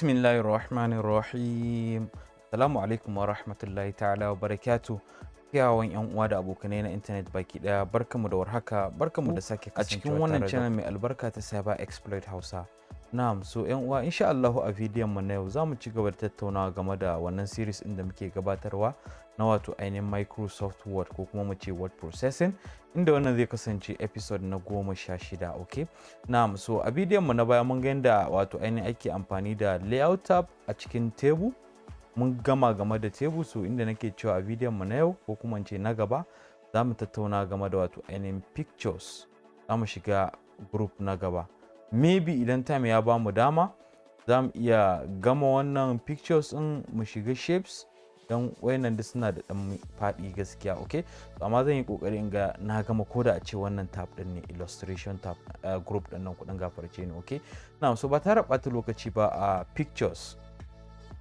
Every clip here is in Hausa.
الله الرحمن الرحيم السلام عليكم ورحمة الله ta'ala وبركاته barakatu kiyawan yan uwa da abokanai na intanet baki daya barkamu da warhaka barkamu da sake kasancewa a cikin wannan channel mai albarka ta Cyber Exploit Hausa Na'am so yan uwa insha Allahu a bidiyon mu na yau za mu ci gaba da tattaunawa game da wannan series din da muke gabatarwa na wato ainihin Microsoft Word ko kuma mu ce Word Processing inda wannan zai kasance episode na goma sha shida okay Na'am so a bidiyon mu na baya mun ga yadda wato ainihin ake amfani da layout tab a cikin table mun gama game da table so inda nake cewa a bidiyon mu na yau ko kuma ce na gaba za mu tattauna game da wato ainihin pictures za mu shiga group na gaba. maybe idan time ya ba mu dama za mu iya gama wannan pictures in mu shiga shapes don wayannan da suna da ɗan faɗi gaskiya ok so, amma zan yi kokari in ga na gama ko da a ce wannan tab din ne illustration tab uh, group din nan kuɗin gafarce ne ok na so ba tare ɓata lokaci ba a uh, pictures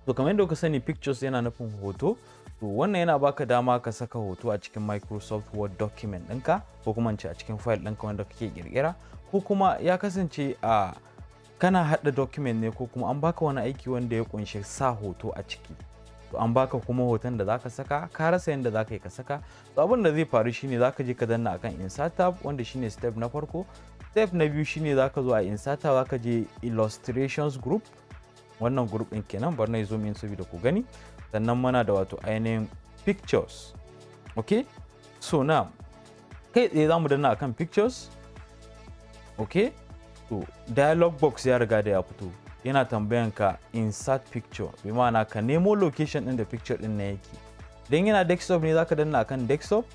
to kamar yadda kuka sani pictures yana nufin hoto to wannan yana baka dama ka saka hoto a cikin microsoft word document ɗinka ko kuma a cikin file ɗinka wanda kake ƙirƙira ko kuma ya kasance a kana haɗa document ne ko kuma an baka wani aiki wanda ya kunshi sa hoto a ciki to an baka kuma hoton da zaka saka ka rasa yadda zaka yi ka saka to abin da zai faru shine zaka je ka danna akan insert tab wanda shine step na farko step na biyu shine zaka zo a insert tab zaka je illustrations group wannan group din kenan bar na zo min saboda ku gani sannan muna da wato ainihin pictures okay so na kai tsaye zamu danna akan pictures ok to dialog box ya riga da ya fito yana tambayan ka insert picture bi ma'ana ka nemo location din da picture din na yake idan yana desktop ne zaka danna akan desktop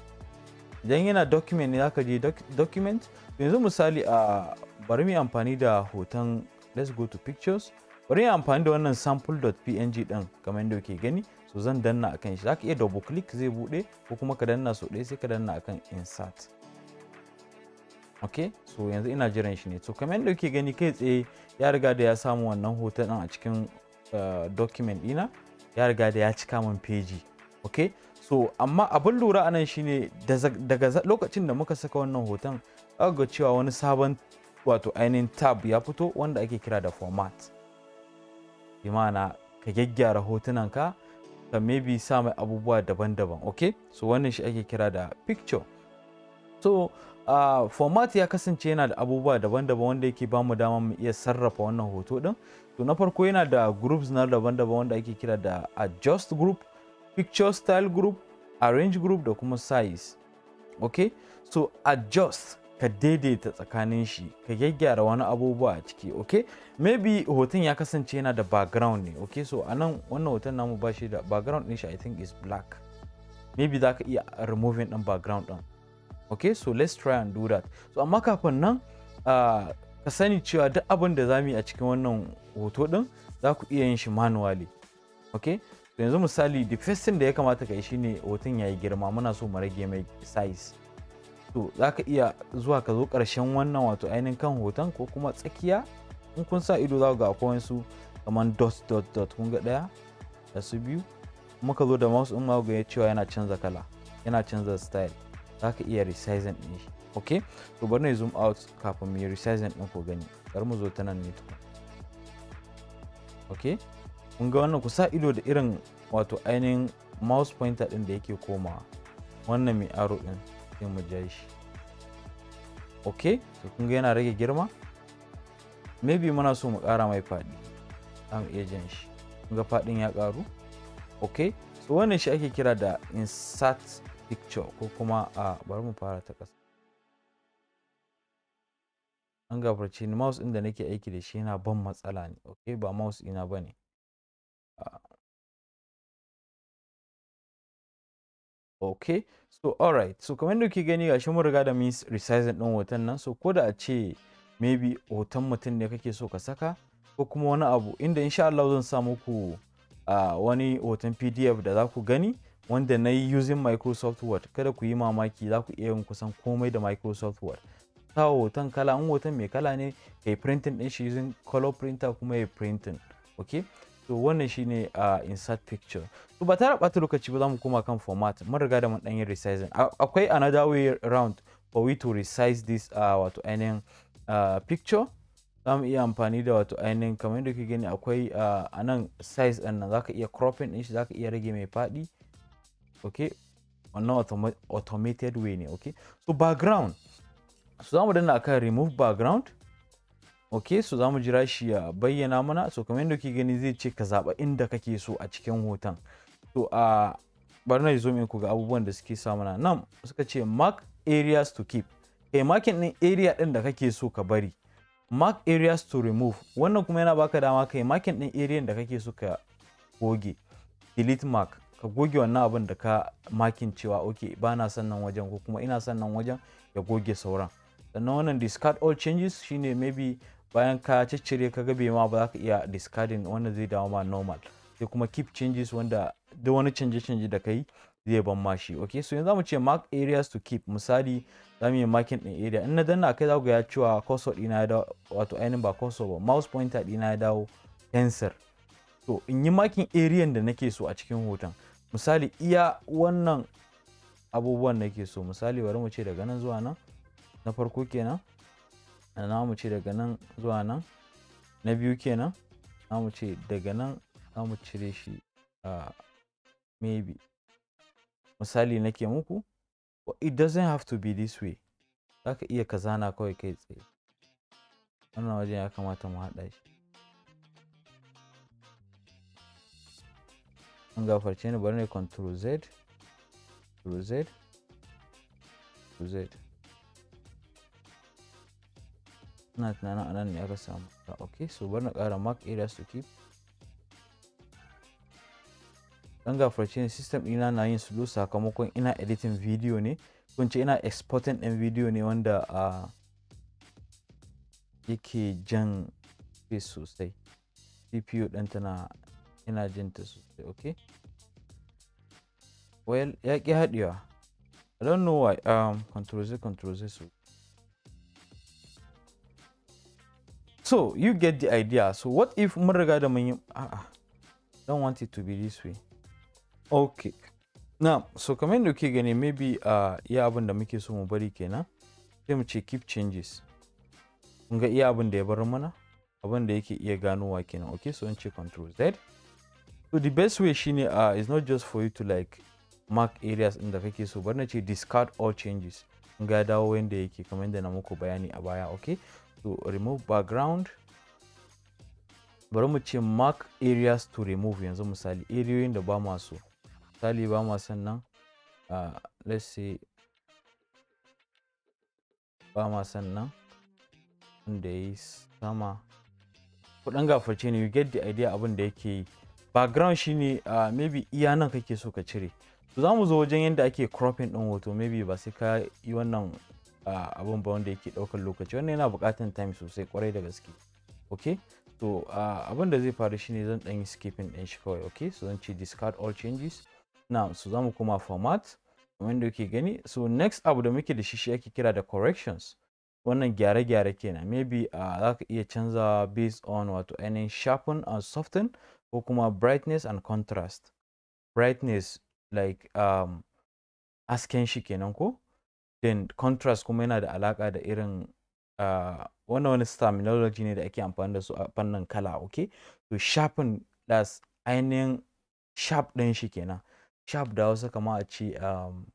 idan yana document ne zaka je document yanzu misali a bari mu amfani da hoton let's go to pictures bari mu amfani da wannan sample.png din kamar yadda kuke gani so zan danna akan shi zaka iya double click zai bude ko kuma ka danna so ɗaya sai ka danna akan insert ok so yanzu ina jiran shi ne so kamar yadda kuke gani kai tsaye ya riga da ya samu wannan hoton a cikin eh, document dina ya riga da ya cika min peji ok so amma abin lura a nan shine daga lokacin da muka saka wannan hoton ga cewa wani sabon wato ainihin tab ya fito wanda ake kira da format bi ma'ana ka gyaggyara hotunanka ka maybe sa mai abubuwa daban-daban ok so wannan shi ake kira da picture so Uh, format ya kasance yana da abubuwa daban-daban wanda yake ba mu dama mu iya sarrafa wannan hoto din to na farko yana da groups na daban-daban wanda ake kira da adjust group picture style group arrange group da kuma size okay so adjust ka daidaita tsakanin shi ka gyaggyara wani abubuwa a ciki okay maybe hoton ya kasance yana da background ne okay so anan wannan hoton namu ba shi da background din shi i think is black maybe za ka iya removing ɗin background ɗin okay so let's try and do that so amma kafin nan ah, ka sani cewa duk abin da za mu yi a cikin wannan hoto din za ku iya yin shi manually okay so yanzu misali the first thing da ya kamata ka yi shine hoton ya yi girma muna so mu rage mai size to za ka iya zuwa ka zo karshen wannan wato ainihin kan hoton ko kuma tsakiya in kun sa ido za ku ga akwai wasu kamar dot dot dot kun ga daya da su biyu muka zo da mouse in ma ga cewa yana canza kala yana canza style za ka iya resizing ɗin shi ok to bari na zoom out kafin mu yi resizing ɗin ku gani bari mu zo ta nan ne tukun ok mun ga wannan kusa ido da irin wato ainihin mouse pointer ɗin da yake komawa wannan mai aro ɗin sai mu ja shi ok to kun ga yana rage girma maybe muna so mu ƙara mai faɗi za mu iya jan shi kun ga faɗin ya ƙaru ok so wannan shi ake kira da insert picture ko kuma a bari mu fara ta ƙasa an gafarce ni mouse ɗin da nake aiki da shi yana ban matsala ne ok ba mouse ina ba ne ok so alright so kamar da kuke gani gashi mun riga da mun resizing ɗin hoton nan so ko da a ce maybe hoton mutum ne kake so ka saka ko kuma wani abu inda insha Allah zan sa muku wani hoton pdf da za ku gani wanda na yi using Microsoft Word kada ku yi mamaki za ku iya yin kusan komai da Microsoft Word. Sa hoton kala in hoton mai kala ne ka yi printing din shi using color printer kuma ya printing. Ok So wannan shi ne a uh, insert picture. To ba tara ɓata lokaci ba za mu koma kan format mun riga da mun ɗan yin resizing. Akwai another way round for we to resize this uh, wato ainihin uh, picture. za mu iya amfani da wato ainihin kamar yadda kuke gani akwai a nan size ɗin nan za ka iya cropping ɗin shi za ka iya rage mai faɗi. okay not autom automated way ne okay so background so zamu danna akan remove background okay so zamu jira shi ya bayyana mana so kamar yadda kuke gani zai ce ka zaba inda kake so a cikin hoton so a uh, na zo min ku ga abubuwan da suke sa mana nan suka ce mark areas to keep kai marking din area din da kake so ka bari mark areas to remove wannan kuma yana baka dama kai marking din area da kake so ka goge delete mark ka goge wannan abin da ka makin cewa ok ba na son nan wajen ko kuma ina son nan wajen ya goge sauran sannan wannan discard all changes shine maybe bayan ka ciccire ka gabe ma ba za ka iya discarding wanda zai dawo ma normal sai kuma keep changes wanda duk wani canje canje da kai zai ban mashi ok so yanzu zamu ce mark areas to keep misali zamu yi marking din area in na danna kai za ku ga cewa cursor dina ya dawo wato ainihin ba cursor ba mouse pointer dina ya dawo pencil to in yi makin area da nake so a cikin hoton misali iya wannan abubuwan nake so misali bari mu ce daga nan zuwa nan na farko kenan na mu ce daga nan zuwa nan na biyu kenan na mu ce daga nan za mu cire shi a maybe misali nake muku it doesn't have to be this way za ka iya ka zana kawai kai tsaye wannan wajen ya kamata mu haɗa shi an gafarce ni bari ne control z control z control z ina tunanin anan ne aka samu ok so bari na ƙara mark areas to keep an gafarce ni system ina na yin slow sakamakon ina editing video ne kun ce ina exporting din video ne wanda a yake jan space sosai cpu ɗin tana ina jin ta sosai okay well ya ki haɗewa i don't know why um control z control z so so you get the idea so what if mun riga da mun yi a'a don't want it to be this way okay now so kamar yadda kuke gani maybe uh, iya abin da muke so mu bari kenan sai mu ce keep changes kun ga iya abin da ya bar mana abin da yake iya ganowa kenan okay so in ce control z so the best way shine uh, is not just for you to like mark areas in da kake so bar na ce discard all changes ga dawo yanda yake kamar yadda na muku bayani a baya okay so remove background bari mu ce mark areas to remove yanzu misali ariyoyin da ba masu misali ba ma uh, let's say ba ma wanda ya yi sama kudan gafarce ne you get the idea abin da yake yi background shine uh, maybe iya nan kake so ka cire to za mu zo wajen yadda ake cropping ɗin hoto maybe ba sai ka yi wannan uh, abun ba wanda yake ɗaukar lokaci wannan yana bukatan time sosai kwarai da gaske ok to ah, abin da zai faru shine zan ɗan yi skipping ɗin shi kawai ok so zan ce discard all changes na so za mu kuma format wanda yake gani so next abu da muke da shi shi ake kira da corrections wannan gyare-gyare kenan maybe za ka iya canza based on wato ainihin sharpen and soften ko kuma brightness and contrast brightness like um, asken shi kenan ko then contrast kuma yana da alaka da irin uh, wannan wani terminology ne da ake amfani da su a fannin kala okay to sharpen das ainihin sharp ɗin shi kenan sharp da wasu kama a ce um,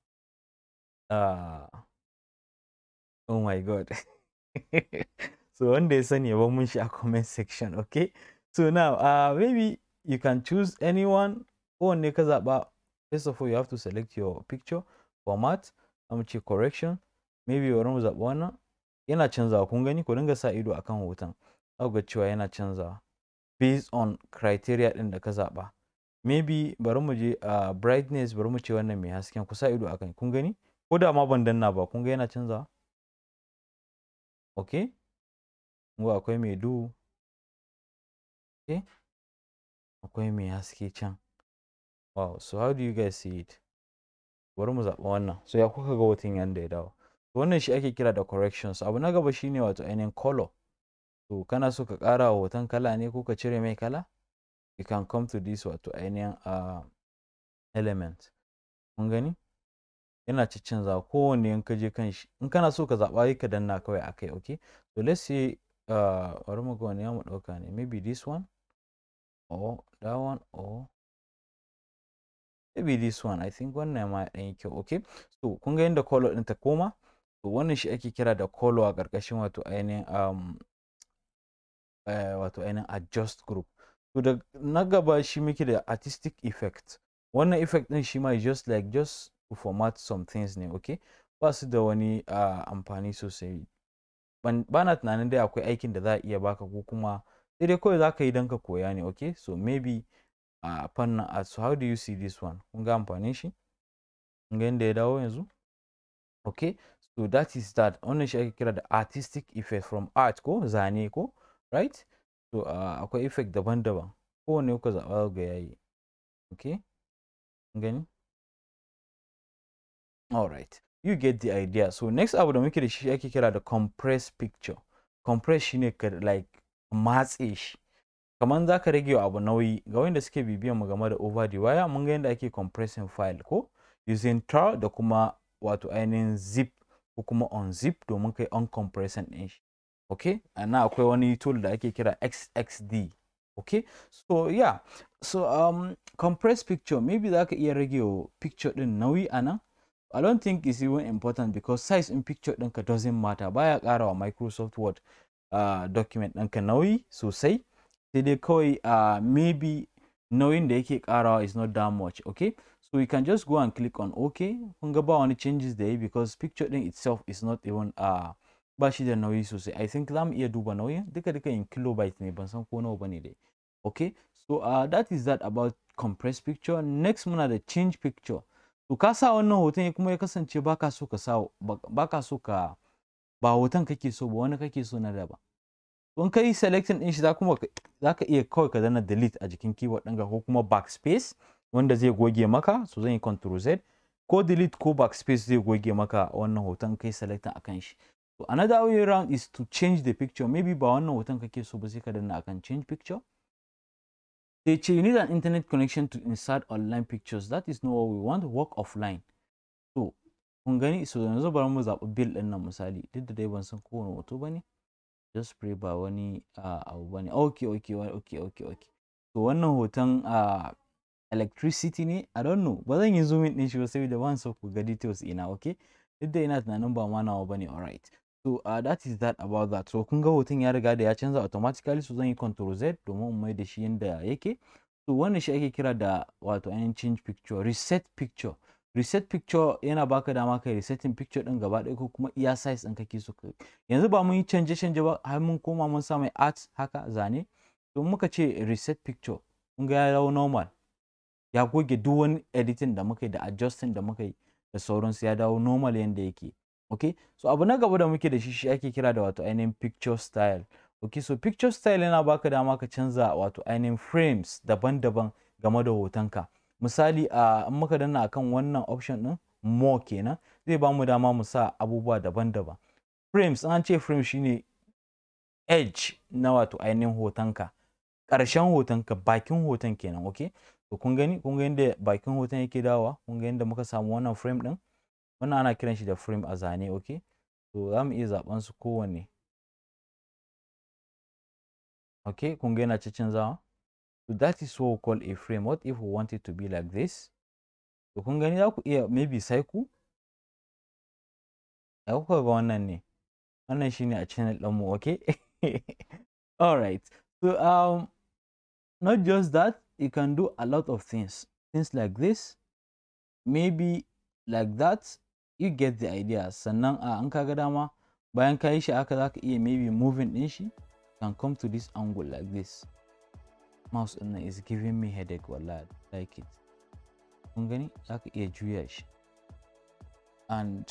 uh, oh my god so wanda ya sani ya mun shi a comment section okay so now uh, maybe you can choose anyone kowanne ka zaba first of all you have to select your picture format mu ce correction maybe bari mu zaba wannan yana canzawa kun gani ku dinga sa ido akan hoton za ga cewa yana canzawa based on criteria din da ka zaba maybe bari mu je a brightness bari mu ce wannan mai hasken ku sa ido akan kun gani ko da ma ban danna ba kun ga yana canzawa okay akwai mai duhu okay akwai mai haske can wow so how do you guys see it bari mu zaɓi wannan so ya kuka ga hoton yanda ya dawo wannan shi ake kira da correction so abu na gaba shine wato ainihin color to kana so ka kara wa hoton kala ne ko ka cire mai kala you can come to this wato ainihin uh, element mun gani yana za kowanne in ka je kan shi in kana so ka zaɓa ka danna kawai akai okay so let's see uh, ah, bari mu ga wani ya mu ɗauka ne maybe this one or oh, that one or oh. maybe this one I think wannan ma i think okay so kun ga the color ɗin ta koma one wannan shi ake kira da color a ƙarƙashin wato any um, eh, wato any adjust group to da na gaba shi muke da artistic effect wannan effect ɗin shi is just like just to format some things ne okay ba su da wani ah, amfani sosai ba na tunanin dai akwai aikin da za a iya baka ko kuma sai dai kawai za ka yi don ka koya ne okay so maybe a fannin a so how do you see this one kun ga amfanin shi kun ga yadda ya dawo yanzu okay so that is that wannan shi ake kira da artistic effect from art ko zane ko right so akwai effect daban-daban kowane kuka zaɓa ga yayi okay kun gani alright you get the idea so next abu da muke da shi ake kira da compress picture shi ne like matse shi kamar za ka rage abu nauyi ga wanda suke bibiyan mu game da over the wire mun ga yanda ake compressing file ko using tar da kuma wato ainihin zip ko kuma unzip domin kai uncompressing din shi okay ana akwai wani tool da ake kira xxd okay so yeah so um compress picture maybe za ka iya rage picture din nauyi anan I don't think it's even important because size in picture ɗinka doesn't matter baya ƙara wa Microsoft Word uh, document ɗinka nauyi sosai sai dai kawai uh, maybe nauyin da yake karawa is not that much okay so you can just go and click on okay kun ga ba wani changes da because picture din itself is not even uh, ba shi da nauyi sosai i think za mu iya duba nauyin duka duka in kilobyte ne ban san ko nawa bane dai okay so uh, that is that about compressed picture next muna da change picture to ka sa wannan hoton kuma ya kasance baka so ka sa baka so ka ba hoton kake so ba wani kake so na daban in ka yi selecting din shi za kuma za ka iya kawai ka zana delete a jikin keyword ɗinka ko kuma backspace wanda zai goge maka so zan yi control z ko delete ko backspace zai goge maka wannan hoton kai selecting akan shi so another way around is to change the picture maybe ba wannan hoton kake so ba sai ka danna akan change picture they say you need an internet connection to insert online pictures that is not what we want work offline so kun gani so yanzu bari mu zaɓi bill ɗin nan misali duk da dai ban san kowane hoto ba ne just pray ba wani abu ba ne ok ok ok ok ok to wannan hoton electricity ne i don't know ba zan yi zoomin ɗin shi ba saboda ban so ku ga details ina ok duk da ina tunanin ba ma nawa ba ne alright so uh, that is that about that so kun ga hoton ya riga da ya canza automatically so zan yi control z domin in mai da shi yadda yake so wannan shi ake kira da wato ainihin change picture reset picture reset picture yana baka dama kai resetting picture din gaba ɗaya ko kuma iya size ɗin kake so yanzu ba mun yi canje canje ba har mun koma mun sa mai art haka zane to muka ce reset picture mun ga ya dawo normal ya goge duk wani editing da muka yi da adjusting da muka yi da sauransu ya dawo normal yanda yake okay so abu na gaba da muke da shi shi ake kira da wato ainihin picture style okay so picture style yana baka dama ka canza wato ainihin frames daban-daban game da hotonka misali a in muka danna akan wannan option din more kenan zai ba mu dama mu sa abubuwa daban-daban frames an ce frame shine edge na wato ainihin hotonka ƙarshen hotonka bakin hoton kenan okay to kun gani kun ga yadda bakin hoton yake dawa kun ga yadda muka samu wannan frame din wannan ana kiran shi da frame a zane okay to za mu iya zaben su kowanne okay kun ga yana cikin zawa So that is what we call a frame. What if we want it to be like this? So, kun gani za ku iya maybe sai ku? Ya kuka ga wannan ne? Wannan shine a channel ɗinmu, okay? Alright. So um not just that, you can do a lot of things. Things like this, maybe like that, you get the idea. Sannan a an kaga dama bayan ka yi shi aka maybe moving ɗin can come to this angle like this. mouse ɗin nan is giving me headache wallahi like it kun gani za ka iya juya shi and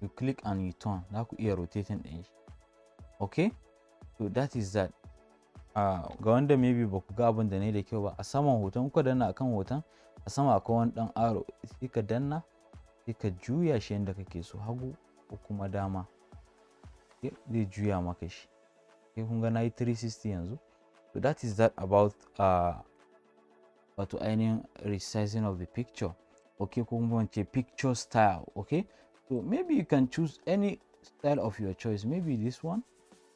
you click and you turn za ku iya rotating ɗin shi okay so that is that ga wanda maybe ba ku ga abin da ne da kyau ba a saman hoton kuka danna kan hoton a sama akwai wani dan aro sai ka danna sai ka juya shi yadda kake so hagu ko kuma dama zai juya maka shi okay kun na yi 360 yanzu so that is that about uh, ainihin resizing of the picture okay ko kuma wance picture style okay so maybe you can choose any style of your choice maybe this one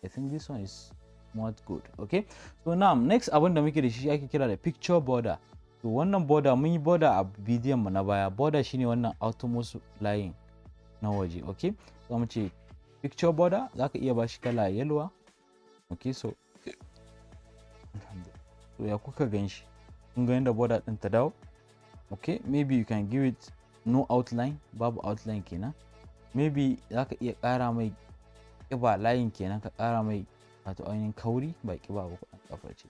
i think this one is not good okay so now next abin da muke da shi ake kira da picture border to wannan border mun yi border a bidiyon mu na baya border shine wannan outermost line na waje okay so mu ce picture border zaka iya bashi kala yellow ok so so ya kuka gan shi kun ga yadda border din ta dawo ok maybe you can give it no outline babu outline kenan maybe za ka iya kara mai kiba layin kenan ka kara mai wato ainihin kauri ba kiba ba kuɗin kafar ce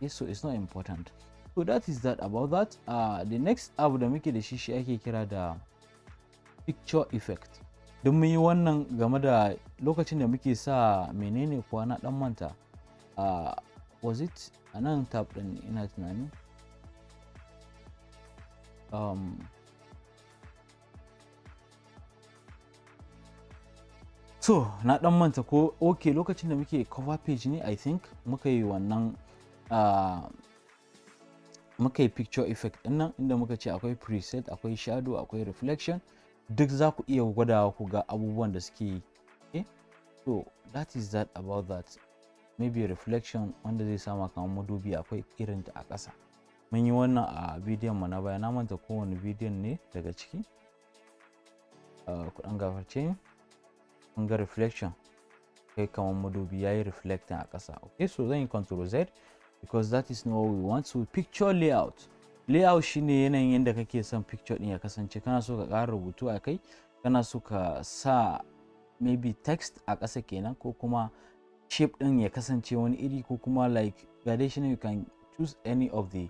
yes so it's not important so that is that about that uh, the next abu da muke da shi shi ake kira da picture effect don mun yi wannan game da lokacin da muke sa menene kuwa na dan manta a was it a nan tab din ina tunani um, so na dan manta ko ok lokacin da muke cover page ne i think muka yi wannan uh, muka yi picture effect din nan inda muka ce akwai preset akwai shadow akwai reflection duk za ku iya gwadawa ku ga abubuwan da suke yi okay? Eh, so that is that about that maybe reflection wanda zai sama kamar madubi akwai irinta a ƙasa mun yi wannan a bidiyon mu na baya na manta kowane bidiyon ne daga ciki ah, kudan gafarce ne ga reflection kai kamar madubi ya yi reflecting a ƙasa okay so zan yi control z because that is not what we want so picture layout layout shine yanayin yadda kake son picture din ya kasance kana so ka ƙara rubutu a kai kana so ka sa maybe text a ƙasa kenan ko kuma shape din ya kasance wani iri ko kuma like gradation you can choose any of the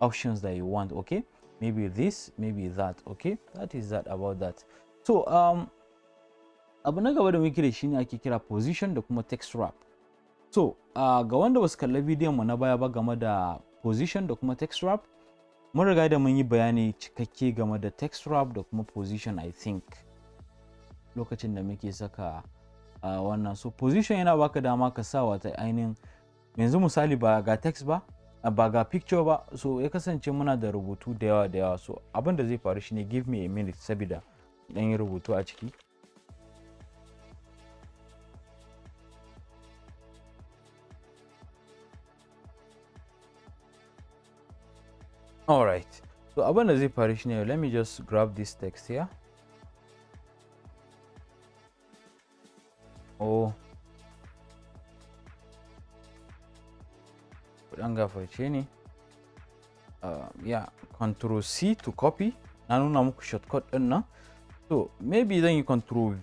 options that you want okay maybe this maybe that okay that is that about that so um abu na gaba da muke da shi ne ake kira position da kuma text wrap so uh, ga wanda ba su kalla bidiyon mu na baya ba game da position da kuma text wrap mun riga da mun yi bayani cikakke game da text wrap da kuma position i think lokacin da muke saka a uh, wannan so position yana baka dama ka sa wata ainihin yanzu misali ba ga text ba ba ga picture ba so ya kasance muna da rubutu da yawa da yawa so abin da zai faru shine give me a minute sabida dan yi rubutu a ciki all right so Abanazi parishioner let me just grab this text here oh kudanga for chini uh, um, yeah control c to copy na nuna shortcut din so maybe then you control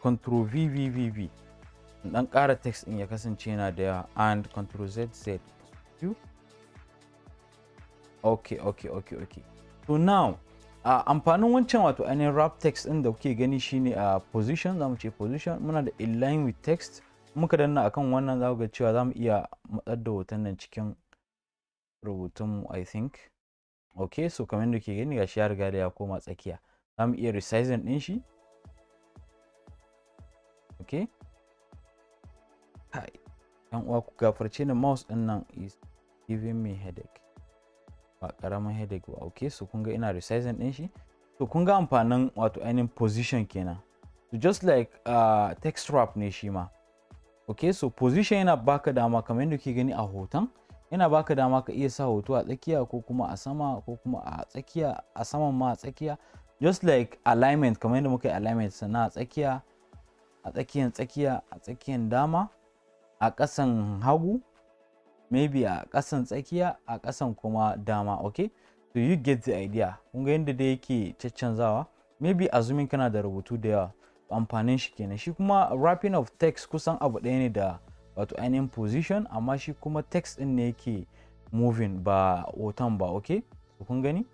control v v v v dan kara text in ya kasance yana there and control z z ok ok ok ok to now a amfanin wancan wato ainihin wrap text ɗin da kuke gani shine a position zamu ce position muna da align with text muka danna akan wannan za ga cewa zamu iya matsar da hoton nan cikin rubutunmu i think ok so kamar da kuke gani gashi ya riga da ya koma tsakiya zamu iya resizing din shi ok hi yan uwa ku gafarce ni mouse din nan is giving me headache ba karamin headache ba okay so kunga ina resizing din shi so kunga amfanin wato ainihin position kenan so just like uh, text wrap ne shi ma okay so position yana baka dama kamar yadda kuke gani a hoton yana baka dama ka iya sa hoto a tsakiya ko kuma a sama ko kuma a tsakiya a saman ma a tsakiya just like alignment kamar yadda muka yi alignment sana a tsakiya a tsakiyan tsakiya a tsakiyan dama a ƙasan hagu maybe a kasan tsakiya a kasan kuma dama okay so you get the idea kun ga yadda da yake caccanzawa maybe a zumin kana da rubutu da yawa amfanin shi kenan shi kuma wrapping of text kusan abu ɗaya ne da wato ainihin position amma shi kuma text ɗin ne yake moving ba hoton ba okay so kun gani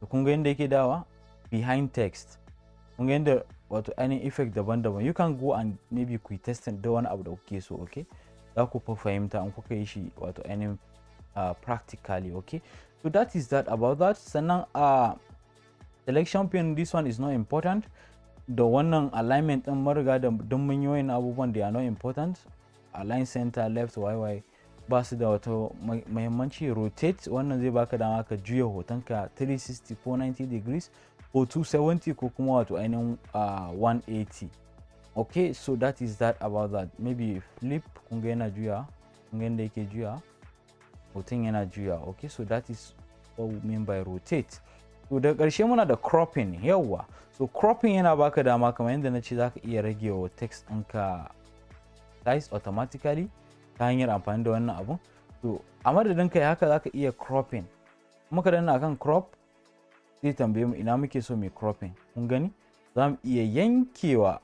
so kun ga yadda yake dawa behind text kun ga yadda wato ainihin effect daban-daban you can go and maybe ku testing da wani abu da kuke so okay za ku fa fahimta in kuka yi shi wato ainihin uh, practically okay so that is that about that sannan a selection pin this one is not important da wannan alignment din mariga da duk munyoyin abubuwan da are not important align center left yy ba su da wato mahimmanci rotate wannan zai baka dama ka juya ka 360 ko 90 degrees ko 270 ko kuma wato ainihin 180 okay so that is that about that maybe flip kungena juya kungende ike juya hoton juya okay so that is what we mean by rotate to the karshe muna da cropping yawwa so cropping yana baka dama kamar yadda na ce za iya rage wa text ɗinka size automatically ta hanyar amfani da wannan abun to a madadin kai haka za iya cropping muka danna akan crop zai tambaye mu ina muke so mai cropping kungani gani za mu iya yankewa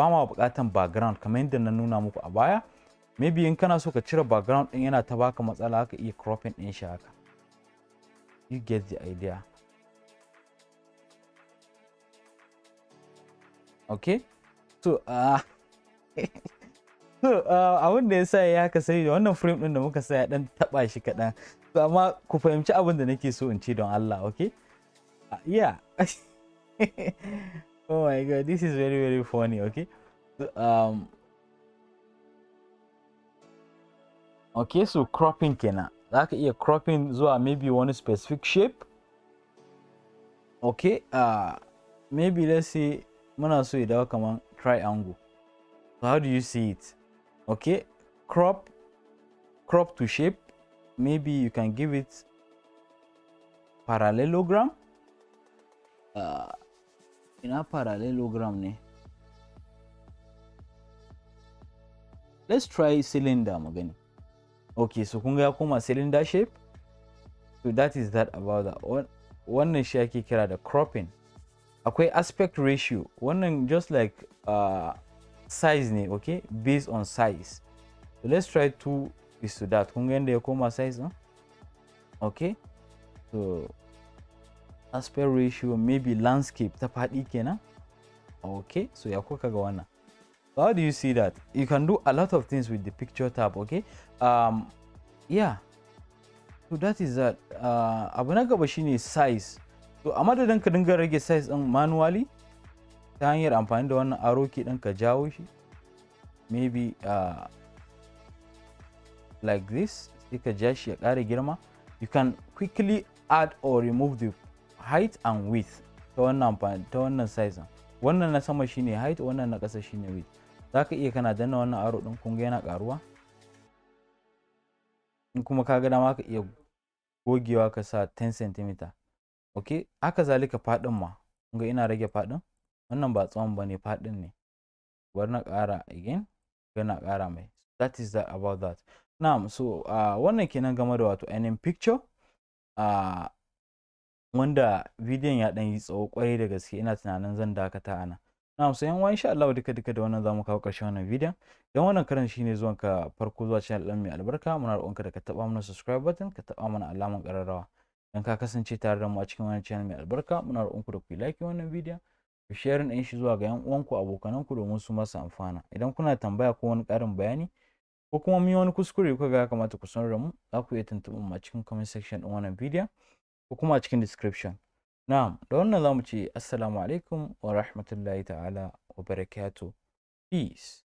ba ma bukatan background kamar yadda na nuna muku a baya maybe in kana so ka cire background din yana ta baka matsala ka iya cropping din shi haka you get the idea okay so uh, so ah, abin da ya sa ya ka sai wannan frame din da muka sa ya dan taba shi kaɗan so amma ku fahimci abin da nake so in ci don Allah okay uh, yeah oh my god this is very very funny okay um okay so cropping kenan like your cropping zuwa maybe a specific shape okay uh maybe let's see muna so ya dawo kaman triangle so how do you see it okay crop crop to shape maybe you can give it parallelogram uh, ina parallelogram ne let's try cylinder mu gani okay so kun ga ya koma cylinder shape so that is that about that wannan shi ake kira da cropping akwai aspect ratio wannan just like uh, size ne okay based on size so let's try two is to that kun ga yadda ya koma size na okay so aspect ratio maybe landscape ta faɗi kenan okay so ya kuka ga wannan so how do you see that you can do a lot of things with the picture tab okay um yeah so that is that uh, abu na gaba shine size So a madadin ka dinga rage size din manually ta hanyar amfani da wannan arrow key din ka jawo shi maybe uh, like this sai ka ja shi ya ƙara girma you can quickly add or remove the height and width ta wannan ta wannan size wannan na sama shine height wannan na ƙasa shine width zaka iya kana danna wannan arrow din kun ga yana karuwa in kuma ka ga dama ka iya gogewa ka sa 10 cm okay haka zalika fadin ma kun ga ina rage fadin wannan ba tsawon bane fadin ne bari na ƙara again gana ƙara mai that is that about that na'am so uh, wannan kenan game da wato ainihin picture uh, wanda bidiyon ya ɗan yi tsawo kwarai da gaske ina tunanin zan dakata a nan na'am sai yan sha'ala wa duka duka da wannan zamu kawo ƙarshen wannan bidiyon dan wannan karan ne zuwan ka farko zuwa cikin alɗan mai albarka muna roƙon ka da ka taɓa mana subscribe button ka taɓa mana alamar ƙararrawa dan ka kasance tare da mu a cikin wannan channel mai albarka muna roƙon ku da ku yi like wannan bidiyon ku share ɗin shi zuwa ga yan uwanku abokananku domin su masu amfana idan kuna tambaya ko wani ƙarin bayani ko kuma mun yi wani kuskure kuka ga kamata ku sanar da mu za ku iya tuntuɓa mu a cikin comment section ɗin wannan bidiyon ko kuma a cikin description na'am da wannan zamu ce assalamu alaikum wa rahmatullahi ta'ala wa barakatuh peace